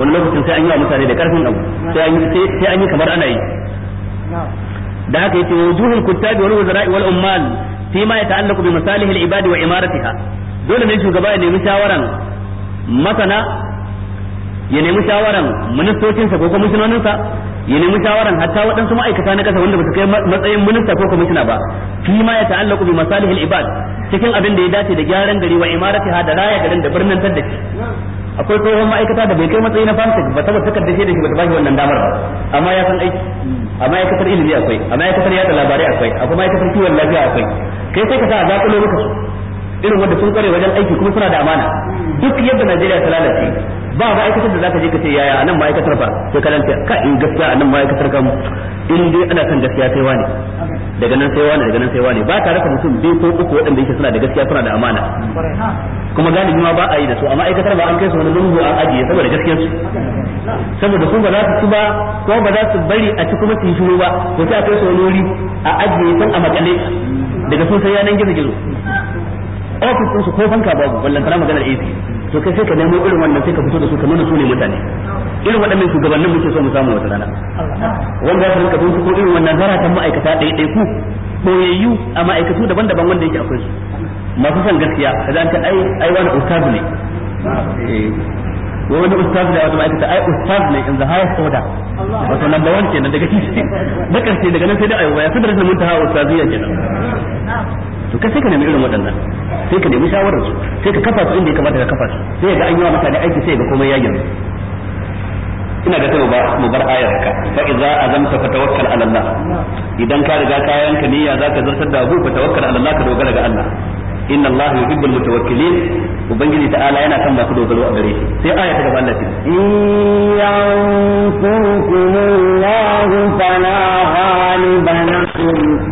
wani lokacin sai an yi wa mutane da karfin abu sai an yi kamar ana yi da haka yace wujuhul kuttab wal wuzara'i wal ummal fi ma yata'allaqu bi masalihil ibadi wa imaratiha dole ne shugaba ya nemi shawaran masana ya nemi shawaran ministocinsa ko sa ya nemi shawaran hatta waɗansu ma'aikata na ƙasa wanda ba su kai matsayin minista ko kwamishina ba fi ma ya ta'allaku bi masalihil ibad cikin abin da ya dace da gyaran gari wa ha da raya garin da birnin da ke. akwai tsohon ma'aikata da bai kai matsayi na famsa ba saboda da shi da shi ba ta bashi wannan damar ba amma ya san aiki a ma'aikatar ilimi akwai a ma'aikatar yada labarai akwai akwai ma'aikatar kiwon lafiya akwai kai sai ka sa a zaƙulo maka su irin wanda sun kware wajen aiki kuma suna da amana duk yadda Najeriya ta lalace ba ma'aikatar da zaka je ka ce yaya nan ma'aikatar fa sai ka lanta ka in gaskiya nan ma'aikatar kam in dai ana kan gaskiya sai wani daga nan sai wani daga nan sai wani ba tare da mutum biyu ko uku waɗanda yake suna da gaskiya suna da amana kuma galibi ma ba a yi da su amma ma'aikatar ba an kai su wani lungu an ajiye saboda gaskiyar su saboda su ba za su ba ko ba za su bari a ci kuma su yi shiru ba ko sai a kai su wani wuri a ajiye san a makale daga sun sai yanan gizo gizo ofis su ko fanka babu wallan kana maganar AC to kai sai ka nemo irin wannan sai ka fito da su ka nuna su ne mutane irin waɗannan shugabannin muke so mu samu wata rana wanda ya rinka su ko irin wannan ta ma'aikata ku boyayyu a ma'aikatu daban-daban wanda yake akwai su masu son gaskiya kaza an ta ai ai wani ustaz ne wa wani ustaz da wata ma'aikata ai ustaz ne in the highest order wato number one kenan daga kishi [LAUGHS] da karshe daga nan sai da ya sun da rasa muntaha ustaziyya kenan to kai sai ka nemi irin waɗannan sai ka nemi shawarar su sai ka kafa su inda ya kamata ka kafa su sai ga an yi wa mutane aiki sai ga komai ya ina ga tana mu bar ayar ka fa idza azamta tawakkal ala Allah idan ka riga ka yanka niyya zaka zartar da abu fa tawakkal ala Allah ka dogara ga Allah inna Allah yuhibbul mutawakkilin ubangiji ta'ala yana kan masu dogaro a gare shi sai aya ta gaba Allah ce in yanfukum Allah fala ghaliba lakum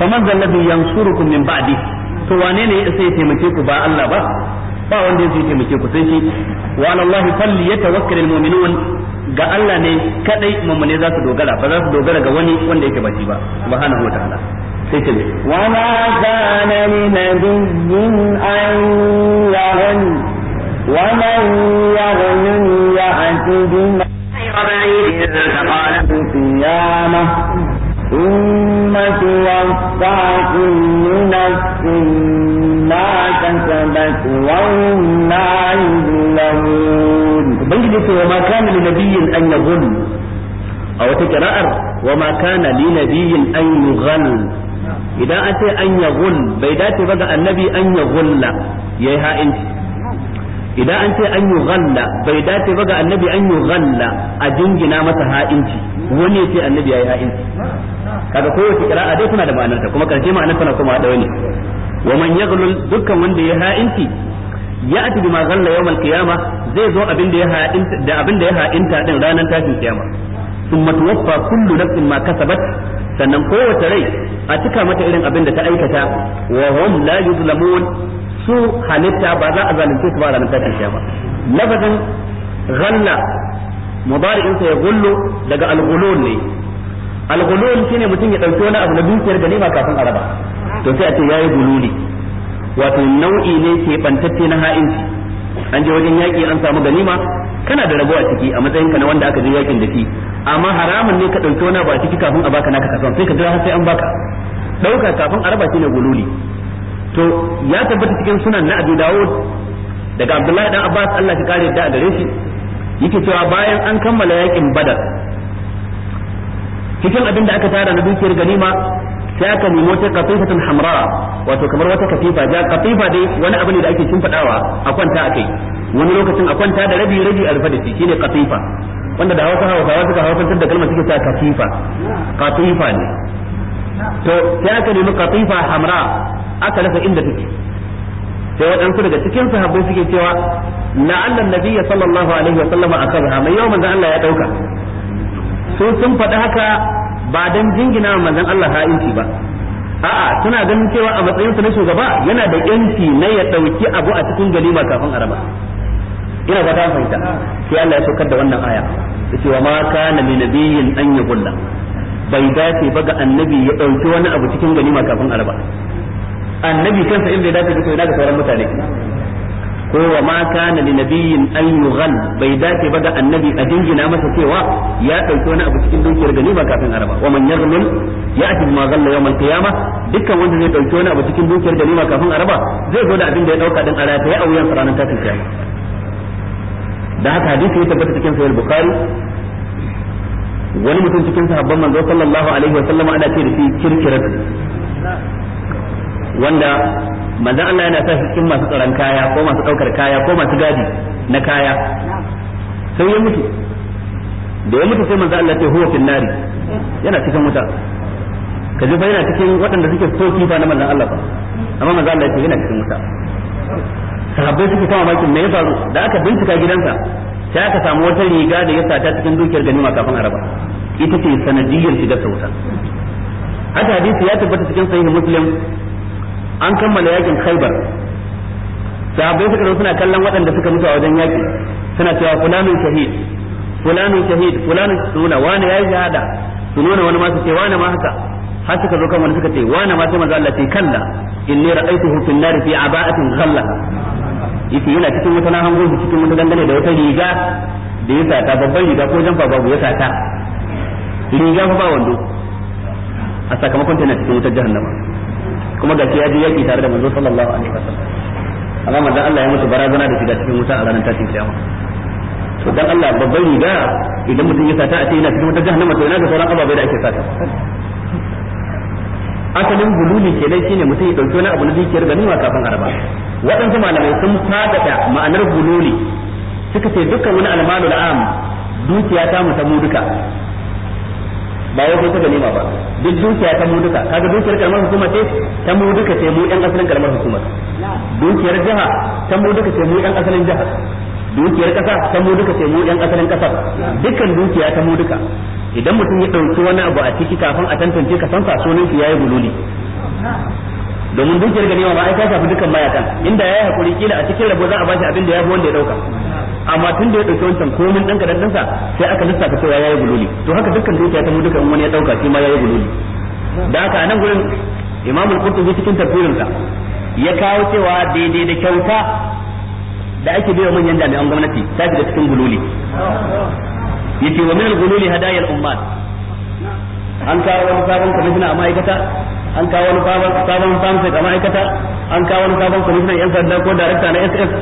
faman yan yansurukum min ba'di to wane ne sai ya taimake ku ba Allah ba ba wanda zai taimake ku sai shi wa alallahi falyatawakkalul mu'minun ga Allah ne kadai mu'mine za su dogara ba za su dogara ga wani wanda yake baci ba subhanahu wa ta'ala sai ce wa ma kana min nabiyyin an yahun wa man yahun ya'ti bima qiyamah يوم توفى كل ما كسبت وهم لا يظلمون بنجد وما كان لنبي أن يظلم أو تكرار وما كان لنبي أن يغل إذا أتى أن يغل بيداتي بقى النبي أن يغل يا يهائنش idan an ce an yi ghalla bai dace ba ga annabi an yi ghalla a jingina masa ha'inci wani ya ce annabi yayi ha'inci kaga wace kira'a dai tana da ma'anarta kuma karshe ma'anar tana kuma da wani wa man yaghlul dukkan wanda ya ha'inci ya ati bima ghalla yawmal qiyama zai zo abin da ya ha'inta da abin da ya ha'inta din ranar tashin kiyama thumma tuwaffa kullu nafsin ma kasabat sannan kowace rai a cika mata irin abin da ta aikata wa hum la yuzlamun su halitta ba za a zalunce su ba a ranar tashin ba lafazin ghalla mudari'in sa ya gullo daga alghulul ne alghulul shine mutum ya dauki wani abu na dukiyar ganima kafin a raba to sai a ce yayi gululi wato nau'i ne ke bantacce na ha'inci an je wajen yaki an samu ganima kana da rabuwa ciki a matsayin ka na wanda aka je yakin da shi amma haramun ne ka dauki wani abu a ciki kafin a baka naka kasan sai ka jira har sai an baka dauka kafin a raba shine gululi to ya tabbata cikin sunan na Abi Dawud daga Abdullahi dan Abbas Allah ya kare da gare shi yake cewa bayan an kammala yakin Badar cikin abin da aka tara na dukiyar ganima sai aka nemi wata katifatun hamra wato kamar wata katifa ja katifa dai wani abu ne da ake shimfidawa a kwanta akai wani lokacin a kwanta da rabi rabi a da shi shine katifa wanda da hausa hausawa suka hausantar da kalmar suke ta katifa katifa ne to sai aka nemi katifa hamra aka rasa inda take sai waɗansu daga cikin sahabbai suke cewa na la'allan ya sallallahu alaihi wa sallama asabaha mai yawan manzon Allah ya dauka su sun faɗi haka ba dan jingina manzon Allah ha'inci ba a'a suna ganin cewa a matsayin sa na shugaba yana da yanci na ya dauki abu a cikin galima kafin araba ina ta fahimta sai Allah ya saukar da wannan aya yace wa ma kana li nabiyyin an yabulla bai dace ba ga annabi ya ɗauki wani abu cikin ganima kafin araba annabi kansa in bai dace da ko ina ga sauran mutane ko wa ma kana li nabiyyin an yughal bai dace ba ga annabi a dingina masa cewa ya dauke wani abu cikin dukiyar ba kafin araba wa man yaghlil ya'ti bima ghalla yawm al-qiyamah dukkan wanda zai dauke wani abu cikin dukiyar ba kafin araba zai zo da abin da ya dauka din araba ya auyan ranar tashin kiyama da haka hadisi ya tabbata cikin sahih bukhari wani mutum cikin sahabban manzo sallallahu alaihi wa sallam ana ce da shi kirkiratu wanda manzan Allah yana sa shi cikin masu tsaron kaya ko masu ɗaukar kaya ko masu gadi na kaya sai ya mutu da ya mutu sai manzan Allah ce huwa fil nari yana cikin wuta kaji fa yana cikin waɗanda suke so fa na manzan Allah ba amma manzan Allah ce yana cikin wuta sahabbai suke ta mamakin me ya faru da aka bincika gidansa sai aka samu wata riga da ya sata cikin dukiyar ganima kafin araba ita ce sanadiyar shiga wuta. haka hadisi ya tabbata cikin sahih muslim an kammala yakin khaybar sahabbai suka zo suna kallon waɗanda suka mutu a wajen yaki suna cewa fulanin shahid fulanin shahid fulanin suna wani yayi shahada su nuna wani ma su ce wani ma haka har suka zo kan wani suka ce wani ma sai manzo Allah ce kalla inni ra'aytuhu fil nar fi aba'atin ghalla yace yana cikin wata na hango cikin wata dangane da wata riga da ya sata babban riga ko jamfa babu ya sata riga fa ba wando a sakamakon tana cikin wata jahannama kuma ga ya je yaki tare da manzo sallallahu alaihi wasallam amma manzon Allah ya mutu barazana da shiga cikin wuta a ranar tashin kiyama to dan Allah babban riga idan mutum ya sata a ce yana cikin wata jahannama to ina ga sauran ababai da ake sata asalin bululi kenan shine mutum ya dauki wani abu na dukiyar ganima kafin araba waɗansu malamai sun fadada ma'anar bululi suka ce dukkan wani almalul am dukiya ta mu ta mu duka ba wai ta ganima ba duk dukiya ta muduka kaga dukiyar karamar hukuma ce ta muduka ce mu yan asalin karamar hukuma dukiyar jiha ta muduka ce mu yan asalin jiha dukiyar kasa ta muduka ce mu yan asalin kasa dukkan dukiya ta muduka idan mutum ya dauki wani abu a ciki kafin a tantance ka san sa sunan shi yayi bululi domin dukiyar ganima ba ai ta shafi dukkan mayakan inda yayi hakuri kila a cikin rabo za a bashi abin da yafi wanda ya dauka amma tun da ya dauki wancan komin dan kadan dinsa sai aka lissafa cewa yayi bululi to haka dukkan dukiya ta mu dukkan wani ya dauka shi ma yayi bululi da haka nan gurin imamul Al-Qurtubi cikin tafsirinsa ya kawo cewa daidai da kyauta da ake bayar manyan jami'an gwamnati ta shiga cikin bululi yace wa min al hadaya al ummat an kawo wani sabon kwamishina a ma'aikata an kawo wani sabon sabon samsa ga ma'aikata an kawo wani sabon kwamishinan yan sanda ko darakta na ss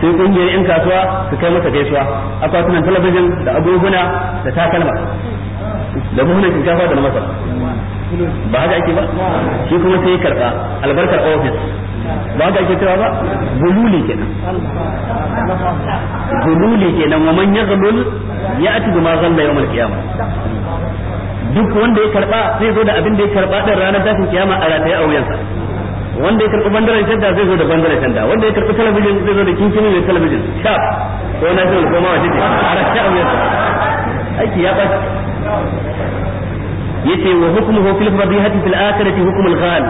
sai kungiyar yan kasuwa su kai masa gaisuwa akwatunan talabijin da abubuwa da takalma da buhunan shinkafa da na masar ba haka ake ba shi kuma sai karba albarkar ofis ba haka ake cewa ba bululi kenan bululi kenan wa man yazlul ya'ti bima zalla yawm al-qiyamah duk wanda ya karba zai zo da abin da ya karba din ranar tashin kiyama a rataye a wuyansa wanda ya karbi bandaran shadda zai zo da bandaran shadda wanda ya karbi talabijin zai zo da kinkini da talabijin sharp ko na shi ko ma wace ce a rataye a wuyansa aiki ya ya yace wa hukmuhu fil fadihati fil akhirati hukm al ghal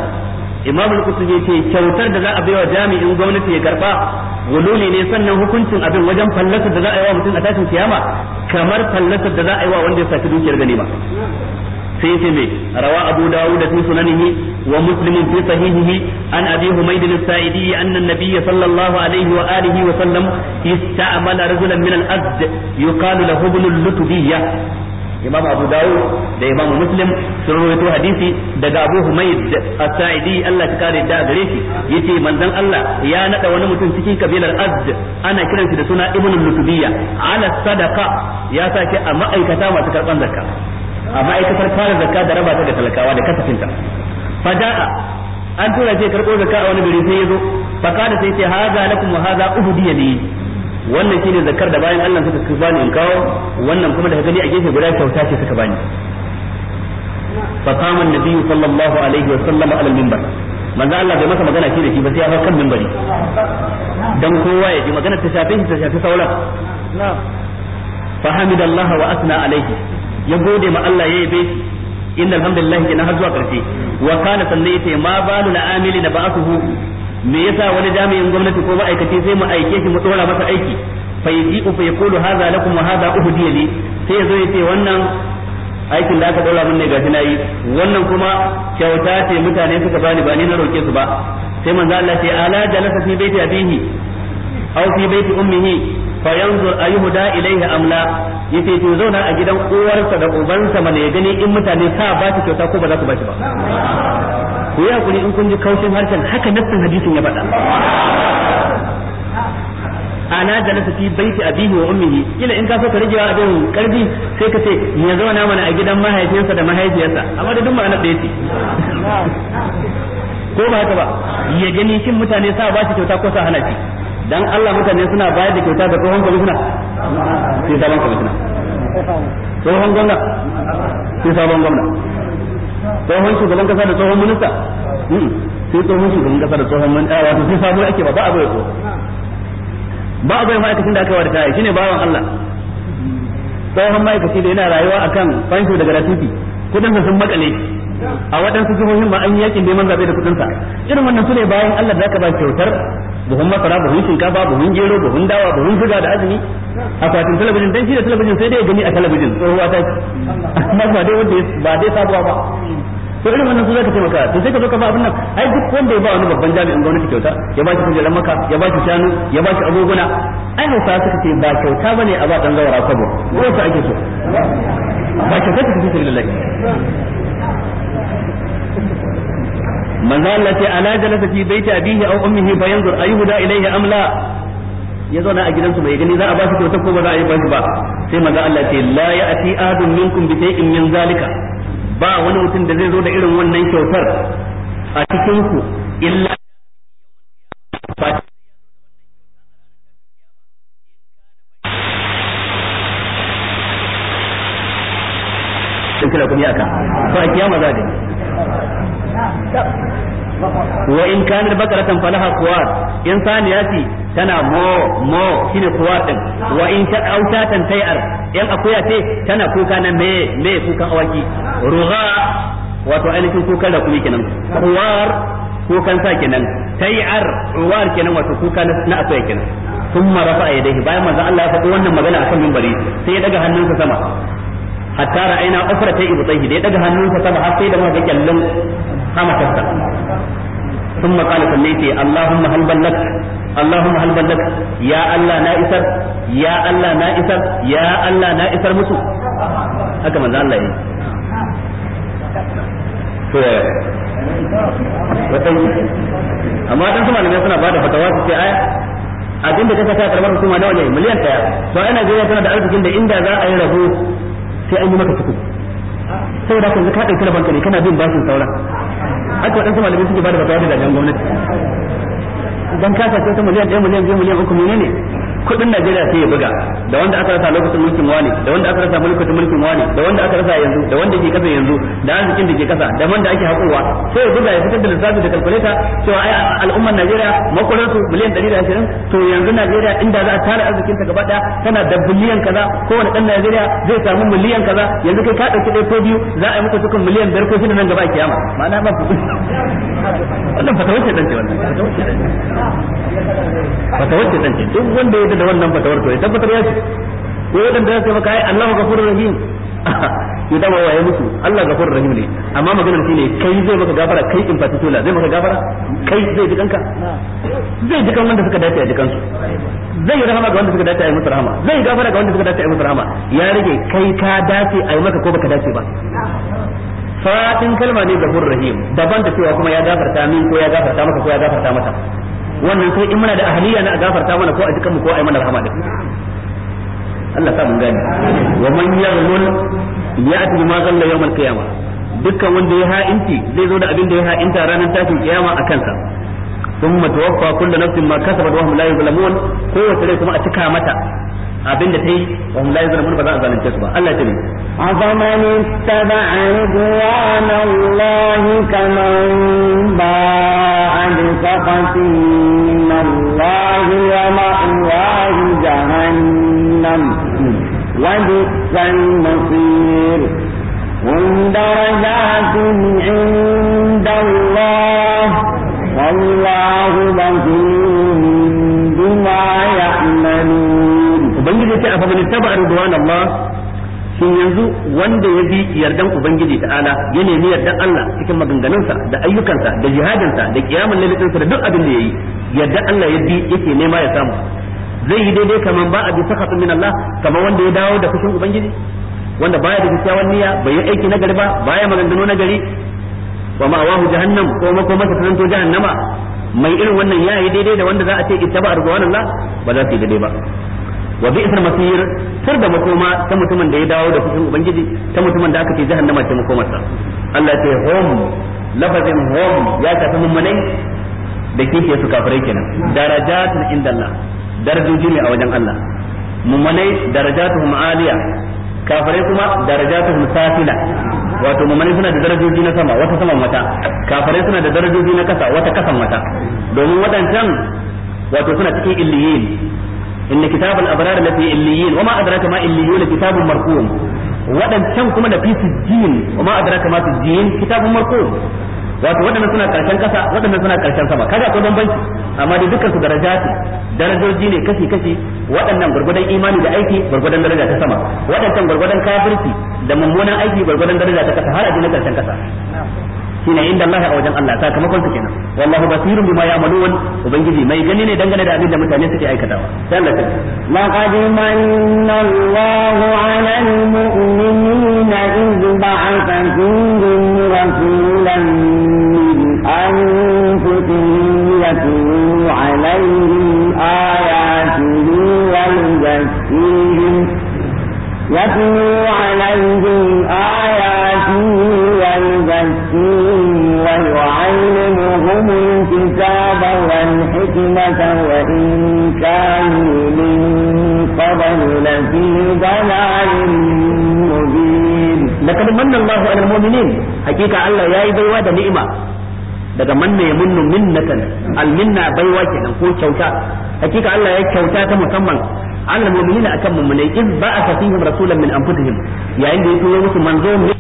imam al-qurtubi yace kyautar da za a baiwa jami'in gwamnati ya karba gululi ne sannan hukuncin abin wajen fallasar da za a yi wa mutum a tashin kiyama kamar fallasar da za a yi wa wanda ya saki dukiyar ganima sai ce rawa abu da fi sunanihi wa muslimun fi sahihihi an abi humayd al-sa'idi anna an-nabiy sallallahu alaihi wa alihi wa sallam ista'mala rajulan min al-azd yuqalu lahu ibn al-lutbiyya imam abu dawud da imam muslim sun rawaito hadisi daga abu da as-sa'idi Allah ya kare da gare shi yace manzon Allah ya naɗa wani mutum cikin kabilar azd ana kiran shi da suna ibnu lutubiyya ala sadaqa ya sake a ma'aikata masu karban zakka a ma'aikatar fara zakka da raba ga talakawa da kasafinta fada'a an tura ce karbo zakka a wani gari sai yazo da kada sai ce haza lakum wa haza uhdiya li wannan shine zakar da bayan Allah suka suka bani in kawo wannan kuma daga gani a gefe guda kyauta ce suka bani fa qama an-nabi sallallahu alaihi wa sallam ala al-minbar manzo Allah bai masa magana shi da shi ba sai ya bar kan minbari dan kowa ya ji magana ta shafe shi ta shafe sauran fa hamidallahi wa asna alaihi ya gode ma Allah ya yabe shi inna alhamdulillah kenan har zuwa karshe wa kana sanne yace ma balu na amili na ba'athu me yasa wani jami'in gwamnati ko ma'aikaci sai mu aike shi mu dora masa aiki fa u fa yaqulu hadha lakum wa hadha uhdiya li sai yazo ya ce wannan aikin da aka dora min ne gashi nayi wannan kuma kyauta ce mutane suka bani ba ni na roke su ba sai manzo Allah ce ala jalasa fi baiti abihi aw fi baiti ummihi fa yanzur da ilayhi amla yace to zauna a gidan uwarsa da ubansa mana ya gani in mutane sa ba ta kyauta ko ba za su ba shi ba ku yi hakuri in kun ji kaushin harshen haka nassin hadisin ya faɗa ana da jalasa fi baiti abihi wa ummihi kila in ka so ka rage wa abin karfi sai ka ce ya zauna mana a gidan mahaifinsa da mahaifiyarsa amma da duk ma'ana da yake ko ba haka ba ya gani kin mutane sa ba shi kyauta ko sa hana dan Allah mutane suna bayar da kyauta ga tsohon kwamishina sai sabon kwamishina tsohon sai sabon gwamna tsohon shugaban kasa da tsohon minista hmm. sai tsohon shugaban kasa da tsohon minista eh, wato sai sabo ake ba ba a bai ko ba a bai ma'aikacin da aka wa ritaya shine bawan Allah tsohon ma'aikaci da yana rayuwa akan fansho daga ratuti kudin sun makale a waɗansu jihohin ma an yi yakin neman zaɓe da kudin sa irin wannan su ne bayan Allah da aka ba kyautar buhun masara buhun shinkafa buhun gero buhun dawa buhun suga da azumi akwatin talabijin dan shi da talabijin sai dai gani a talabijin tsohuwa wata. amma ba dai wanda ba dai sabuwa ba to irin wannan su zaka taimaka to sai ka zo ka ba abin nan ai duk wanda ya ba wani babban jami'in gwamnati kyauta ya ba shi kujerar maka ya ba shi shanu ya ba shi agoguna ai hausa suka ce ba kyauta bane a ba dan zawara kwabo ko ta ake so ba kyauta ta fi sabilillah manzo Allah ce ala jalasa fi baiti abihi aw ummihi fa yanzur ayhuda ilayhi am la ya zauna a gidansu bai gani za a ba shi kyauta ko ba za a yi ba shi ba sai manzo Allah ce la ya'ti ahadun minkum bi shay'in min zalika ba wani mutum da zai zo da irin wannan kyautar a cikin ku illa kira kuma yaka to a kiyama za a wa in kana bakaratan falaha kuwar in saniya ce tana mo mo shine kuwar din wa in ta autatan tayar in akuya ce tana kuka na me me kuka awaki ruga wato ainihin kuka da kuma kenan kuwar kukan sa kenan tayar ruwar kenan wato kuka na akuya kenan ثم رفع يديه bayan manzo Allah ya faɗi wannan magana akan minbari sai ya daga hannunsa sama hatta ra'ayna ufrata ibtayhi da ya daga hannunsa sama har sai da muka ga kyallon kama kasta sun makala sannan ce Allahumma Allahumma ya Allah na isar ya Allah na isar ya Allah na isar amma dan su malamai suna bada fatawa su ce aya abin da kasa ta nawa ne miliyan daya to ai Najeriya tana da arzikin da inda za a yi rabo sai an yi maka cikin da kun ka dauki ka ne kana bin bashin sauran haka waɗansu malamai suke ba da bata da jami'an gwamnati don kasa ce ta miliyan ɗaya miliyan biyu miliyan uku menene kudin Najeriya sai ya buga da wanda aka rasa lokacin mulkin wani da wanda aka rasa mulkin mulkin wani da wanda aka rasa yanzu da wanda ke kasa yanzu da arzikin da ke kasa da wanda ake hakowa sai ya buga ya fitar da lissafi da kalkuleta cewa ai al'ummar Najeriya makwarar su miliyan 120 to yanzu Najeriya inda za a tara arzikin ta gaba daya tana da biliyan kaza kowane dan Najeriya zai samu miliyan kaza yanzu kai ka dauki dai ko biyu za a yi muku cikin miliyan biyar ko shida nan gaba kiyama ma'ana ba ku [LAUGHS] wannan fatawa ce dan ce wannan fatawar ce tsanci duk wanda ya da wannan fatawar to ya tabbatar ya ce ko wadanda ya ce maka ai Allahu ghafurur rahim [LAUGHS] ya dama ya mutu Allah ghafurur rahim ne amma maganar shine kai zai maka gafara kai in fati tola zai maka gafara kai zai ji kanka zai ji kan wanda suka dace a ji kansu zai yi rahama ga wanda suka dace a yi musu rahama zai yi gafara ga wanda suka dace a yi musu rahama ya rage kai ka dace a yi maka ko baka dace ba fadin kalma ne gafur rahim daban da cewa kuma ya gafarta min ko ya gafarta maka ko ya gafarta mata wannan sai in muna da ahliya na a gafarta mana ko a jikan mu ko a yi mana rahama da Allah sa mun gani wa man yaghlul ya'ti bima ghalla yawm al-qiyamah dukkan wanda ya ha'inci zai zo da abin da ya ha'inta ranar tashin kiyama a kansa ma توفى كل نفس ما كسبت وهم لا يظلمون قوة ليس ما أتكى متى abinda ta yi wa mu la yazlamun ba za a zalunce su ba Allah ya afaman ittaba'a ridwan Allah kaman ba بسخط من الله ومأواه جهنم وبئس المصير هم درجات عند الله والله بصير بما يعملون. وبنجد أفمن اتبع رضوان الله shin yanzu wanda ya bi yardan ubangiji ta'ala ya nemi yardan Allah cikin maganganunsa da ayyukansa da jihadinsa da kiyamun lalitinsa da duk abin da ya yi yardan Allah ya bi yake nema ya samu zai yi daidai kamar ba a bi sakatun min Allah kamar wanda ya dawo da fushin ubangiji wanda baya da kyakkyawan niyya bai yi aiki nagari gari ba baya maganganu na gari wa ma'awahu jahannam ko makomarsa ta zanto jahannama mai irin wannan ya yi daidai da wanda za a ce ittaba arzuwan Allah ba za su yi daidai ba wa bi isar masir sir da makoma ta mutumin da ya dawo da fushin ubangiji ta mutumin da aka ce jahannama ce makomarsa Allah ce hum lafazin hum ya tafi mummunai da kike su kafirai kenan darajatun inda Allah darajoji ne a wajen Allah mummunai darajatuhum aliya kafirai kuma darajatuhum safila wato mummunai suna da darajoji na sama wata saman wata kafirai suna da darajoji na kasa wata kasan wata domin wadancan wato suna cikin illiyin inna kitabal abrar lafi illiyin wama adraka ma illiyun kitabun marqum wadancan kuma da fi sijjin wama adraka ma sijjin kitabun wato wadannan suna karshen kasa wadannan suna karshen sama kaga akwai bambanci amma dai dukkan su darajati darajoji ne kashi kashi waɗannan gurgudan imani da aiki gurgudan daraja ta sama waɗancan gurgudan kafirci da mummunan aiki gurgudan daraja ta kasa har a na karshen kasa shine inda Allah a wajen Allah sakamakon su kenan wallahu basirun bima ya'malun ubangiji mai gani ne dangane da abin da mutane suke aikatawa sai Allah ta laqad manna Allahu 'alal mu'minina idh ba'atha fihim rasulan min anfusihim yatlu 'alayhim ayatihi wa yuzakkihim yatlu 'alayhim فتنة وإن كانوا من قبل لفي ضلال مبين لقد من الله على المؤمنين حقيقة الله يا إبي نئمة daga manna ya munnu minnatan alminna baiwa kenan ko kyauta hakika Allah ya kyauta ta musamman Allah mu'minina akan mu'minai iz ba'a fihim rasulan min anfusihim yayin da yake turo musu manzo